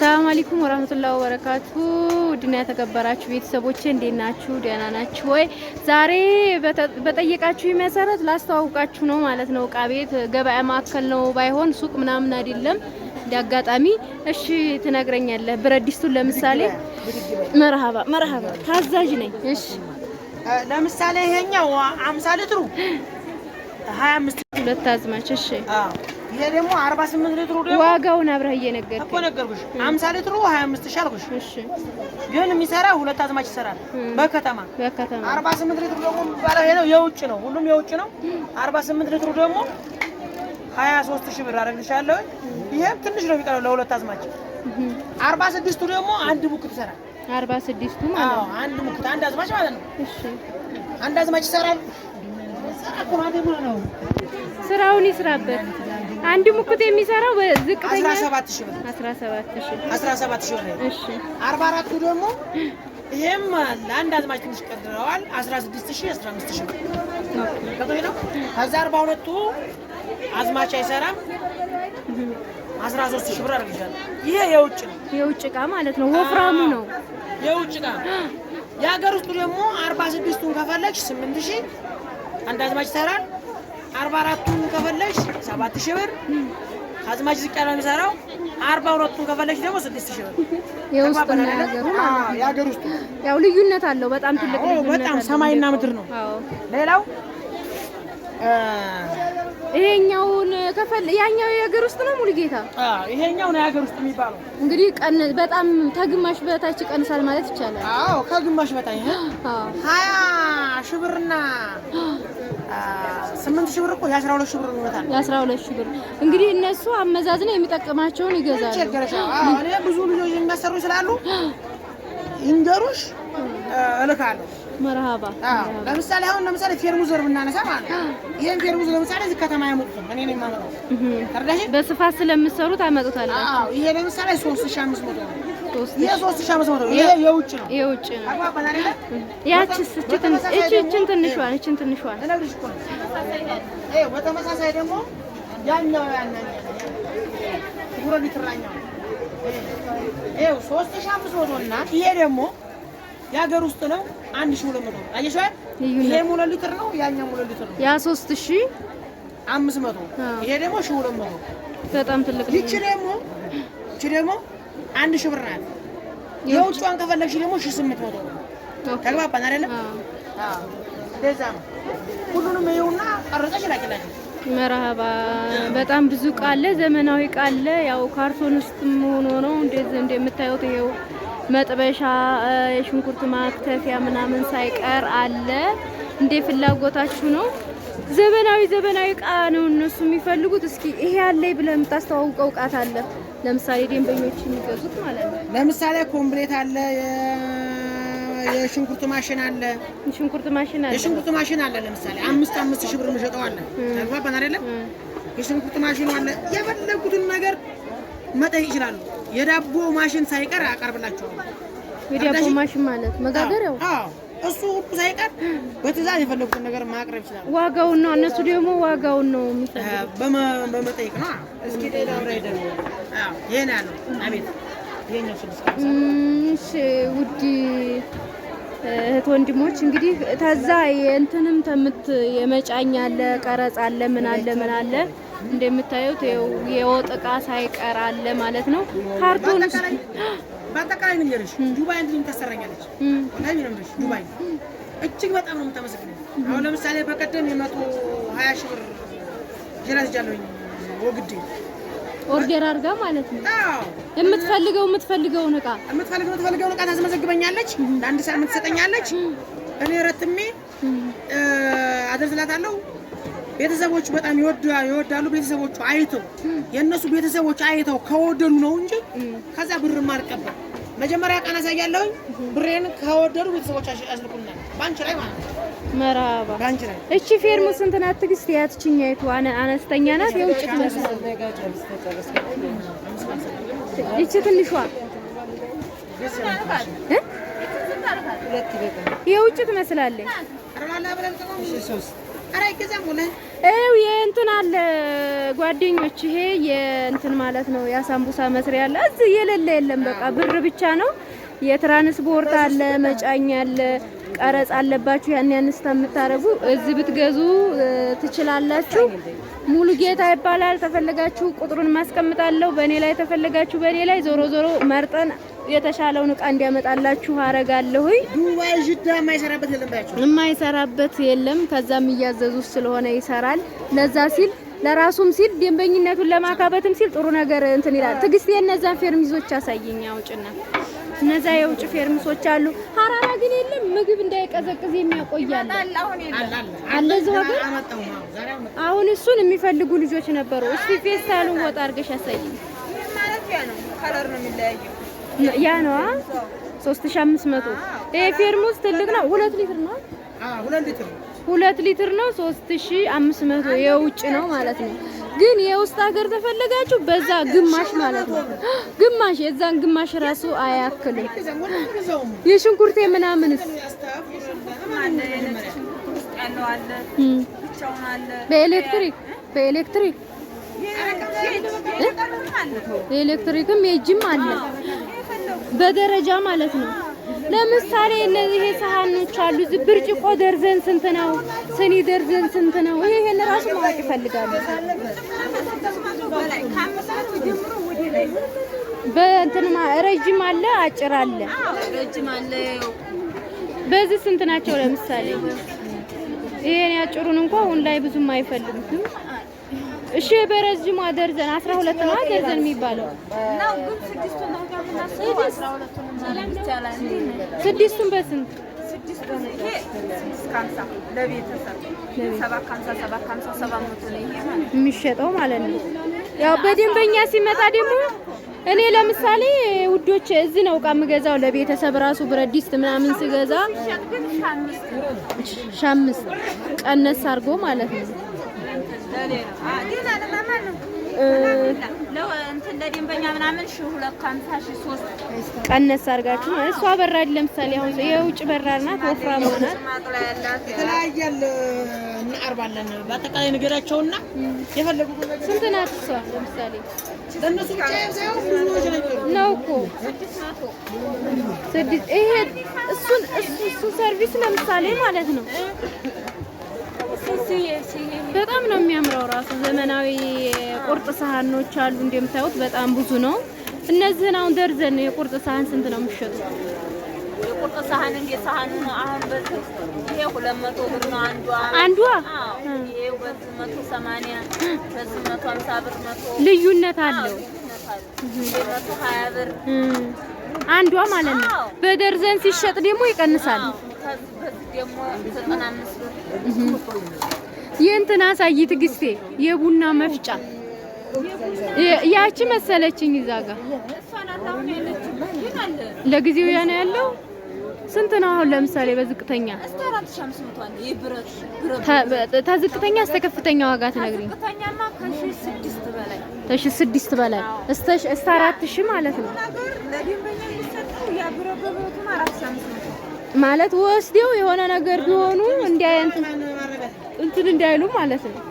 ሰላም አለይኩም ወራህመቱላሂ ወበረካቱ። ድና የተከበራችሁ ቤተሰቦቼ እንዴት ናችሁ? ደህና ናችሁ ወይ? ዛሬ በጠየቃችሁ መሰረት ላስተዋውቃችሁ ነው ማለት ነው። እቃ ቤት ገበያ ማዕከል ነው ባይሆን ሱቅ ምናምን አይደለም። እንዳጋጣሚ እሺ፣ ትነግረኛለህ። ብረት ድስቱን ለምሳሌ መርሃባ መርሃባ፣ ታዛዥ ነኝ። እሺ፣ ለምሳሌ ይሄኛው 50 ሊትሩ 25 ሁለት አዝማች። እሺ ይሄ ደግሞ 48 ሊትሩ ደግሞ ዋጋውን አብረህ እየነገርከኝ እኮ ነገርኩሽ። 50 ሊትሩ 25 ሺህ አልኩሽ። እሺ ግን የሚሰራ ሁለት አዝማች ይሰራል በከተማ በከተማ። 48 ሊትሩ ደግሞ የሚባለው ይሄ ነው፣ የውጭ ነው፣ ሁሉም የውጭ ነው። 48 ሊትሩ ደግሞ 23 ሺህ ብር አደርግልሻለሁ። ይሄም ትንሽ ነው የሚቀረው ለሁለት አዝማች። 46ቱ ደግሞ አንድ ሙክት ይሰራል። 46ቱ ማለት ነው አንድ ሙክት አንድ አዝማች ማለት ነው። እሺ አንድ አዝማች ይሰራል። ስራውን ይስራበት አንድ ሙክት የሚሰራው ዝቅተኛ 17000 ብር 17000 17000 ብር። እሺ 44 ደግሞ ይሄም ለአንድ አዝማች ትንሽ ቀድረዋል 16000 15000 ብር ነው። ከዛ 42ቱ አዝማች አይሰራም 13000 ብር አድርጌሻለሁ። ይሄ የውጭ ነው የውጭ ዕቃ ማለት ነው። ወፍራሙ ነው የውጭ ዕቃ። የሀገር ውስጡ ደግሞ 46ቱን ከፈለግሽ 8000 አንድ አዝማች ይሰራል አርባ አራቱን ከፈለሽ ሰባት ሺህ ብር አዝማች ዝቅ ያለው የሚሰራው አርባ ሁለቱን ከፈለሽ ደግሞ ስድስት ሺህ ብር የሀገር ውስጥ ያው ልዩነት አለው። በጣም ትልቅ በጣም ሰማይና ምድር ነው። ሌላው ይሄኛውን ከፈል ያኛው የሀገር ውስጥ ነው ሙሉ ጌታ ይሄኛው ነው የሀገር ውስጥ የሚባለው። እንግዲህ ቀን በጣም ከግማሽ በታች ቀንሳል ማለት ይቻላል። አዎ ከግማሽ በታች ሀያ ሺህ ብርና ስምንት ሺህ ብር እኮ የአስራ ሁለት ሺህ ብር ይወጣል። የአስራ ሁለት ሺህ ብር እንግዲህ እነሱ አመዛዝነው የሚጠቅማቸውን ይገዛሉ። ብዙ ልጆች የሚያሰሩ ስላሉ ይንገሩሽ እልካለሁ። መርሃባ ለምሳሌ አሁን ለምሳሌ ፌርሙዝ ወር ብናነሳ ማለት ይሄን ፌርሙዝ ለምሳሌ እዚህ ከተማ ያመጡት እኔ ነው የማመጣው። በስፋት ስለምሰሩት አመጡታል። አዎ ይሄ ለምሳሌ ሶስት አምስት መቶ ነው የሶስት ሺህ አምስት መቶ ነው። ይሄ የውጭ ይኸው ሶስት ሺህ አምስት መቶ እና ይሄ ደግሞ የሀገር ውስጥ ነው። አንድ ሺህ ሁለት መቶ አየሽዋል። ይሄ ሙሉ ሊትር ነው፣ ያኛው ሙሉ ሊትር ነው። ያ ሶስት ሺህ አምስት መቶ ይሄ ደግሞ ሺህ ሁለት መቶ በጣም ትልቅ ነው። ይቺ ደግሞ ይቺ ደግሞ አንድ ሺህ ብር አለ። የውጭዋን ከፈለግሽ ደግሞ ሺህ ስምንት መቶ ተግባባን አይደለም? እንደዛ ነው። ሁሉንም ይኸውና ቀርጸሽ ላኪላቸው። መርሀባ በጣም ብዙ ቃለ ዘመናዊ ቃለ ያው ካርቶን ውስጥ ሆኖ ነው እንደዚህ እንደምታዩት ይኸው መጥበሻ፣ የሽንኩርት ማክተፊያ ምናምን ሳይቀር አለ። እንዴ ፍላጎታችሁ ነው። ዘመናዊ ዘመናዊ ዕቃ ነው እነሱ የሚፈልጉት። እስኪ ይሄ አለ ብለህ የምታስተዋውቀው ዕቃት አለ ለምሳሌ ደንበኞች የሚገዙት ማለት ነው። ለምሳሌ ኮምፕሌት አለ፣ የሽንኩርት ማሽን አለ፣ የሽንኩርት ማሽን አለ፣ የሽንኩርት ማሽን አለ። ለምሳሌ አምስት አምስት ሺህ ብር መሸጠው አለ። ተግባባን አይደለም? የሽንኩርት ማሽኑ አለ። የፈለጉትን ነገር መጠየቅ ይችላሉ። የዳቦ ማሽን ሳይቀር አቀርብላቸዋለሁ። የዳቦ ማሽን ማለት መጋገሪያው? አዎ እሱ ሁሉ ሳይቀር በትዕዛዝ የፈለጉትን ነገር ማቅረብ ይችላል። ዋጋውን ነው እነሱ ደግሞ ዋጋውን ነው በመጠየቅ ነው። እስኪ ሌላ ብራ እሺ ውድ እህት ወንድሞች እንግዲህ ተዛ የእንትንም ተምት የመጫኝ አለ ቀረጽ አለ ምን አለ ምን አለ እንደምታዩት የወጥ ዕቃ ሳይቀር አለ ማለት ነው። ካርቶን በአጠቃላይ ንገርሽ ዱባይ እንድን ታሰራኛለች ዱባይ እጅግ በጣም ነው የምታመሰግነው። አሁን ለምሳሌ በቀደም የመቶ ሀያ ሺህ ብር ጀራጅ ያለኝ ወግዴ ኦርደር አድርጋ ማለት ነው። የምትፈልገው የምትፈልገውን እቃ የምትፈልገው የምትፈልገውን እቃ ታስመዘግበኛለች፣ ለአንድ ሰዓት ትሰጠኛለች። እኔ ረትሜ አደርስላታለሁ። ቤተሰቦቹ በጣም ይወዳሉ። ቤተሰቦቹ አይተው የእነሱ ቤተሰቦች አይተው ከወደዱ ነው እንጂ ከዛ ብርም አልቀባም። መጀመሪያ ቀን አሳያለሁኝ። ብሬን ከወደዱ ቤተሰቦች አስልኩልናል፣ ባንች ላይ ማለት ነው መራባ እቺ ፌርሙ ስንት ናት? ትግስት ያትችኛ ይቱ አነስተኛ ናት። የውጭ ትመስል እቺ ትንሿ የውጭ ትመስላለች። እው የእንትን አለ ጓደኞች፣ ይሄ የእንትን ማለት ነው የአሳምቡሳ መስሪያ አለ። እዚህ የሌለ የለም። በቃ ብር ብቻ ነው። የትራንስፖርት አለ፣ መጫኛ አለ ቀረጽ አለባችሁ ያን ያንስታ የምታረጉ እዚህ ብትገዙ ትችላላችሁ። ሙሉ ጌታ ይባላል። ተፈለጋችሁ ቁጥሩን ማስቀምጣለሁ በእኔ ላይ ተፈለጋችሁ በእኔ ላይ ዞሮ ዞሮ መርጠን የተሻለውን እቃ እንዲያመጣላችሁ አረጋለሁ። ዱባይ ጅዳ የማይሰራበት የለም ባያችሁ የማይሰራበት የለም። ከዛም እያዘዙ ስለሆነ ይሰራል። ለዛ ሲል ለራሱም ሲል ደንበኝነቱን ለማካበትም ሲል ጥሩ ነገር እንትን ይላል። ትግስት የነዛን ፌርሚዞች አሳየኝ አውጭና እነዛ የውጭ ፌርሙሶች አሉ። ሀራራ ግን የለም። ምግብ እንዳይቀዘቅዝ የሚያቆያል አለ እዛ ሀገር። አሁን እሱን የሚፈልጉ ልጆች ነበሩ። እስቲ ፌስታሉ ወጥ አድርገሽ ያሳይ። ያ ነው ሦስት ሺህ አምስት መቶ ይሄ ፌርሙስ ትልቅ ነው። ሁለት ሊትር ነው። ሁለት ሊትር ነው 3500 የውጭ ነው ማለት ነው። ግን የውስጥ ሀገር ተፈለጋችሁ በዛ ግማሽ ማለት ነው። ግማሽ የዛን ግማሽ ራሱ አያክልም። የሽንኩርቴ ምናምንስ በኤሌክትሪክ በኤሌክትሪክ የኤሌክትሪክም የእጅም አለ በደረጃ ማለት ነው። ለምሳሌ እነዚህ ሰሃኖች አሉ። ብርጭቆ ደርዘን ስንት ነው? ስኒ ደርዘን ስንት ነው? ይሄን ራሱ ማወቅ ይፈልጋሉ። በእንትንማ ረጅም አለ፣ አጭር አለ። በዚህ ስንት ናቸው? ለምሳሌ ይሄን ያጭሩን እንኳን ላይ ብዙም አይፈልጉትም። እሺ በረዥሙ ደርዘን 12 ነው ደርዘን የሚባለው ስድስቱን በስንት የሚሸጠው ማለት ነው። ያው በደንበኛ ሲመጣ ደግሞ እኔ ለምሳሌ ውዶች እዚህ ነው እቃ የምገዛው ለቤተሰብ ራሱ ብረት ድስት ምናምን ስገዛ ሻምስት ቀነስ አድርጎ ማለት ነው። ቀነስ አድርጋችሁ እሷ በራድ ለምሳሌ አሁን የውጭ በራድ ናት፣ ወፍራም ናት። የተለያያል እናቀርባለን። በአጠቃላይ ንገሪያቸውና የፈለጉ ስንት ናት እሷ ለምሳሌ ነው እኮ ስድስት ይሄ እሱን እሱ ሰርቪስ ለምሳሌ ማለት ነው በጣም ነው የሚያምረው። ራሱ ዘመናዊ ቁርጥ ሳህኖች አሉ እንደምታዩት፣ በጣም ብዙ ነው። እነዚህን አሁን ደርዘን የቁርጥ ሳህን ስንት ነው የሚሸጡት? የቁርጥ ሳህን እንደ ሳህኑ አሁን በዚህ ይሄ 200 ብር ነው አንዷ አንዷ። ይሄ በዚህ 180 በዚህ 150 ብር ልዩነት አለው። ልዩነት 120 ብር አንዷ ማለት ነው። በደርዘን ሲሸጥ ደግሞ ይቀንሳል። ከዚህ ደግሞ 95 የእንትን አሳይ ትግስቴ፣ የቡና መፍጫ ያቺ መሰለችኝ። እዛ ጋ ለጊዜው ያ ነው ያለው። ስንት ነው አሁን? ለምሳሌ በዝቅተኛ ተዝቅተኛ እስከ ከፍተኛ ዋጋ ትነግሪኝ? ከሺህ ስድስት በላይ እስከ አራት ሺህ ማለት ነው ማለት ወስደው የሆነ ነገር ቢሆኑ እንትን እንዳይሉ ማለት ነው።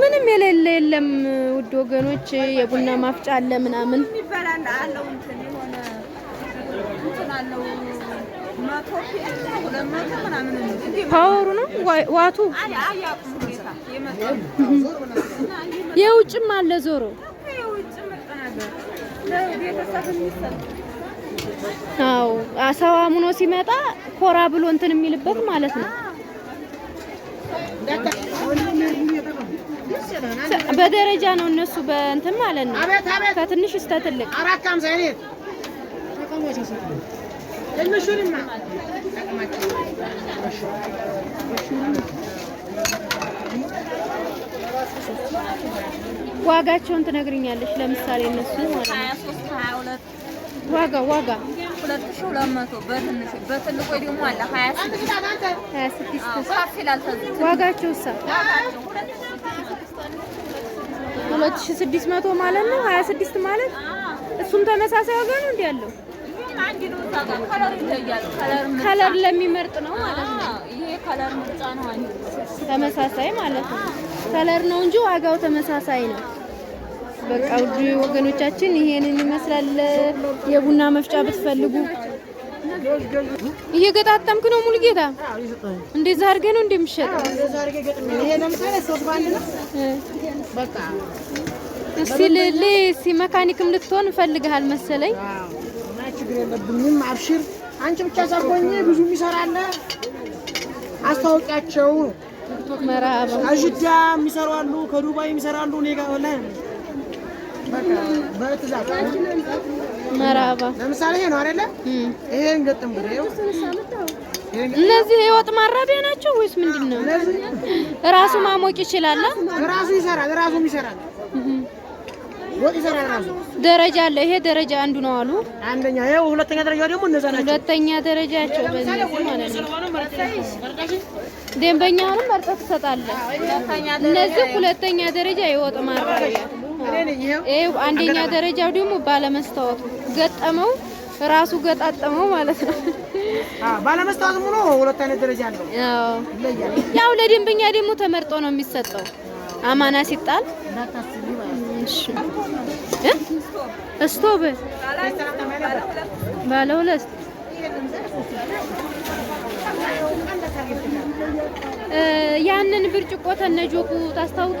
ምንም የሌለ የለም ውድ ወገኖች፣ የቡና ማፍጫ አለ ምናምን ፓወሩ ነው ዋቱ የውጭም አለ ዞሮ አዎ አሳው አምኖ ሲመጣ ኮራ ብሎ እንትን የሚልበት ማለት ነው። በደረጃ ነው እነሱ በእንትን ማለት ነው። ከትንሽ እስከ ትልቅ ዋጋቸውን ትነግርኛለች። ለምሳሌ እነሱ ማለት ነው ዋጋ ዋጋ ሁለት ሺህ ሁለት መቶ በትንሹ በትልቁ ደግሞ አለ ሀያ ስድስት ዋጋቸው ሳ ሁለት ሺህ ስድስት መቶ ማለት ነው። ሀያ ስድስት ማለት እሱም ተመሳሳይ ዋጋ ነው። እንዲ ያለው ከለር ለሚመርጥ ነው ማለት ነው። ተመሳሳይ ማለት ነው። ከለር ነው እንጂ ዋጋው ተመሳሳይ ነው። በቃ ውድ ወገኖቻችን ይሄንን ይመስላል። የቡና መፍጫ ብትፈልጉ እየገጣጠምክ ነው ሙሉ ጌታ፣ እንደዛ አድርገህ ነው እንደሚሸጠው። እስቲ ልል መካኒክም ልትሆን እፈልግሃል መሰለኝ። ችግር የለብኝም፣ አብሽር። አንቺ ብቻ ሳትሆኚ ብዙ ይሰራለ አለ። አስታወቂያቸው መራባ አጅዳ የሚሰሩ አሉ፣ ከዱባይ የሚሰሩ አሉ። እኔ ጋር ወላሂ መራባ ለምሳሌ ይሄ ነው አይደለ? ይሄን ገጥም ብሬው እነዚህ የወጥ ማራቢያ ናቸው ወይስ ምንድን ነው? ራሱ ማሞቅ ይችላል። ራሱ ይሰራል። ራሱም ይሰራል። ወጥ ይሰራል ራሱ። ደረጃ አለ። ይሄ ደረጃ አንዱ ነው አሉ። አንደኛ ይሄው፣ ሁለተኛ ደረጃ ደግሞ እነዛ ናቸው። ሁለተኛ ደረጃቸው በዚህ ደንበኛውንም መርጠህ ትሰጣለህ። እነዚህ ሁለተኛ ደረጃ የወጥ ማራቢያ አንደኛ ደረጃው ደግሞ ባለመስታወቱ ገጠመው ራሱ ገጣጠመው ማለት ነው። ባለመስታወቱ ሙሉ ሁለት አይነት ደረጃ አለው። ያው ለደንበኛ ደግሞ ተመርጦ ነው የሚሰጠው። አማና ሲጣል እስቶብ ባለ ሁለት ያንን ብርጭቆ ተነጆኩ ታስታውቂ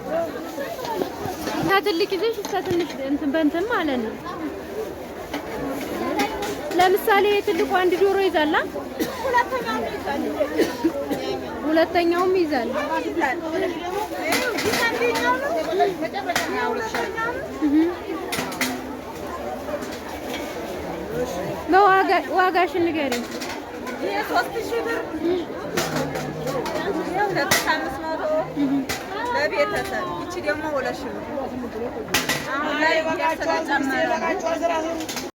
ትልቅ ይዘሽ እስከ ትንሽ እንትን በእንትን ማለት ነው። ለምሳሌ ትልቁ አንድ ዶሮ ይዛላ፣ ሁለተኛውም ይዛል። ዋጋሽን ንገሪኝ። ይሄ 3000 ብር ለቤተሰብ ይቺ ደግሞ ሁለት ሺህ ብር አሁን ላይ እያስለ